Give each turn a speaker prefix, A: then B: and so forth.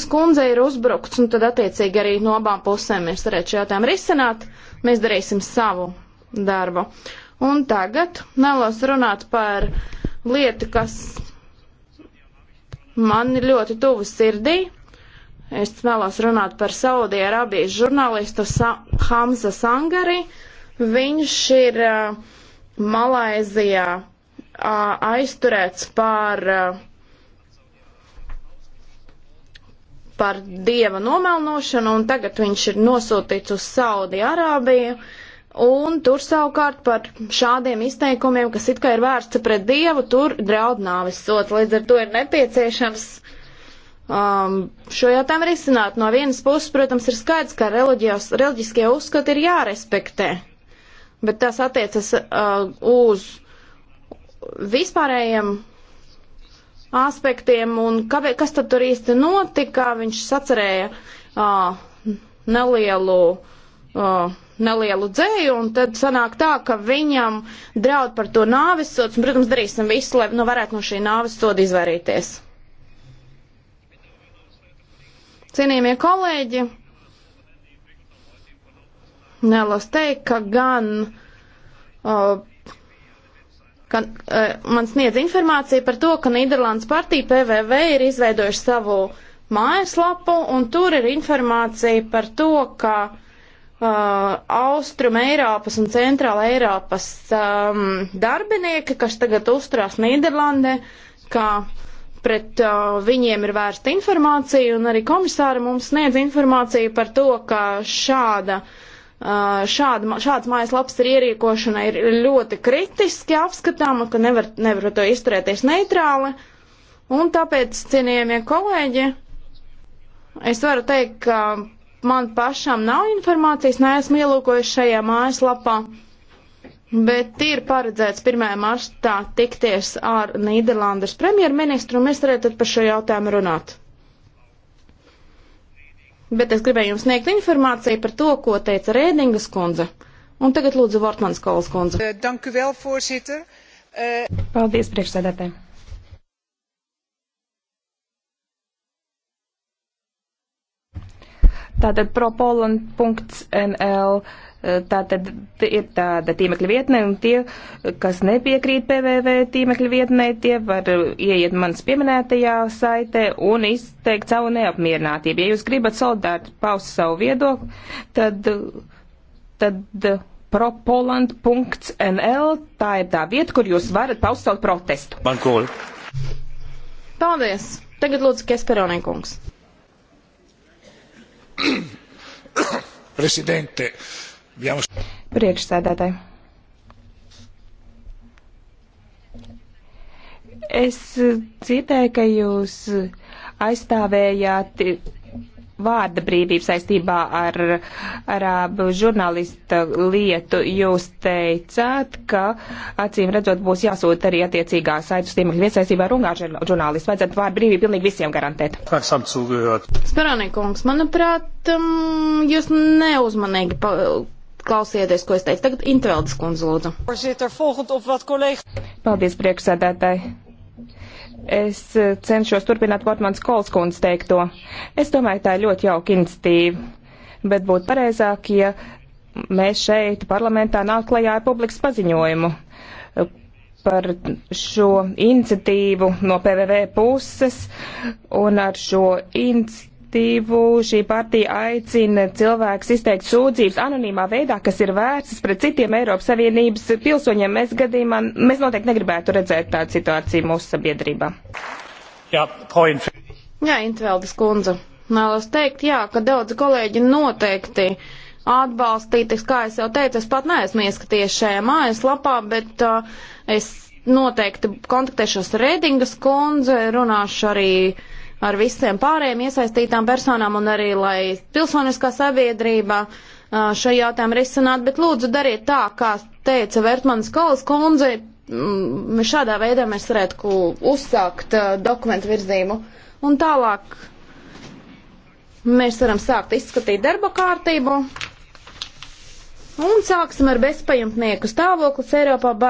A: Kopas kundze ir uzbrukts, un tad attiecīgi arī no abām pusēm mēs varētu šo jautājumu risināt. Mēs darīsim savu darbu. Un tagad nelos runāt par lietu, kas man ir ļoti tuvu sirdī. Es vēlos runāt par Saudija-Arabijas žurnālistu Sa Hamza Sangari. Viņš ir uh, Malaizijā uh, aizturēts par uh, par dieva nomelnošanu, un tagad viņš ir nosūtīts uz Saudi Arābiju, un tur savukārt par šādiem izteikumiem, kas it kā ir vērsti pret dievu, tur draud nāvis sots. Līdz ar to ir nepieciešams um, šo jautājumu risināt. No vienas puses, protams, ir skaidrs, ka reliģiskie uzskati ir jārespektē, bet tas attiecas uh, uz vispārējiem aspektiem un kāpēc, kas tad tur īsti notika. Viņš sacerēja uh, nelielu, uh, nelielu dzēju un tad sanāk tā, ka viņam draud par to nāves sods un, protams, darīsim visu, lai nu, varētu no šī nāves soda izvairīties. Cienījamie kolēģi, nelos teikt, ka gan uh, ka uh, man sniedz informācija par to, ka Nīderlandes partija PVV ir izveidojuši savu mājaslapu, un tur ir informācija par to, ka uh, Austrum Eiropas un Centrāla Eiropas um, darbinieki, kas tagad uzturās Nīderlandē, ka pret uh, viņiem ir vērsta informācija, un arī komisāri mums sniedz informāciju par to, ka šāda uh, šāda, šāds mājaslaps ir ierīkošana ir ļoti kritiski apskatāma, ka nevar, nevar to izturēties neitrāli. Un tāpēc, cienījamie kolēģi, es varu teikt, ka man pašam nav informācijas, neesmu ielūkojis šajā mājaslapā, bet ir paredzēts 1. martā tikties ar Nīderlandes premjerministru, un mēs varētu par šo jautājumu runāt bet es gribēju jums sniegt informāciju par to, ko teica Rēdingas kundze. Un tagad lūdzu Vortmanas kolas kundze.
B: Eh, eh, Paldies, priekšsēdētāji. Tātad propolan.nl Eh, tā tad ir tāda tīmekļa vietne, un tie, kas nepiekrīt PVV tīmekļa vietnē, tie var ieiet manas pieminētajā saitē un izteikt savu neapmierinātību. Ja jūs gribat soldāt paust savu viedokli, tad, tad propoland.nl tā ir tā vieta, kur jūs varat paust savu protestu. Bankoli. Paldies! Tagad lūdzu Kesperonē kungs. Presidente, uh, Priekšsēdētāji. Es dzirdēju, ka jūs aizstāvējāt vārda brīvību saistībā ar arābu žurnālista lietu. Jūs teicāt, ka acīm redzot būs jāsūta arī attiecīgā saitu stimuļu viesaistībā ar ungāru žurnālistu. Vajadzētu vārda brīvību pilnīgi visiem garantēt.
A: Sperānīkungs, manuprāt, um, jūs neuzmanīgi
B: klausieties, ko es teicu. Tagad Intveldes kundze lūdzu. Paldies, priekšsēdētāji. Es eh, cenšos turpināt Portmans Kolskundz teikto. Es domāju, tā ir ļoti jauka iniciatīva, bet būtu pareizāk, ja mēs šeit parlamentā nāk klajā ar publikas paziņojumu eh, par šo iniciatīvu no PVV puses un ar šo iniciatīvu iniciatīvu šī partija aicina cilvēks izteikt sūdzības anonīmā veidā, kas ir vērstas pret citiem Eiropas Savienības pilsoņiem. Mēs gadījumā, mēs noteikti negribētu redzēt tādu situāciju mūsu sabiedrībā. Jā, point. Jā, Intveldes kundze.
A: Vēlos teikt, jā, ka daudz kolēģi noteikti atbalstīt, kā es jau teicu, es pat neesmu ieskaties šajā mājaslapā, bet uh, es noteikti kontaktēšos ar Redingas kundze, runāšu arī uh, ar visiem pārējiem iesaistītām personām un arī, lai pilsoniskā sabiedrība šo jautājumu risinātu, bet lūdzu dariet tā, kā teica Vertmanas Kolas kundze, mm, šādā veidā mēs varētu uzsākt dokumentu virzību. Un tālāk mēs varam sākt izskatīt darba kārtību. Un sāksim ar bezpajumtnieku stāvoklis Eiropā.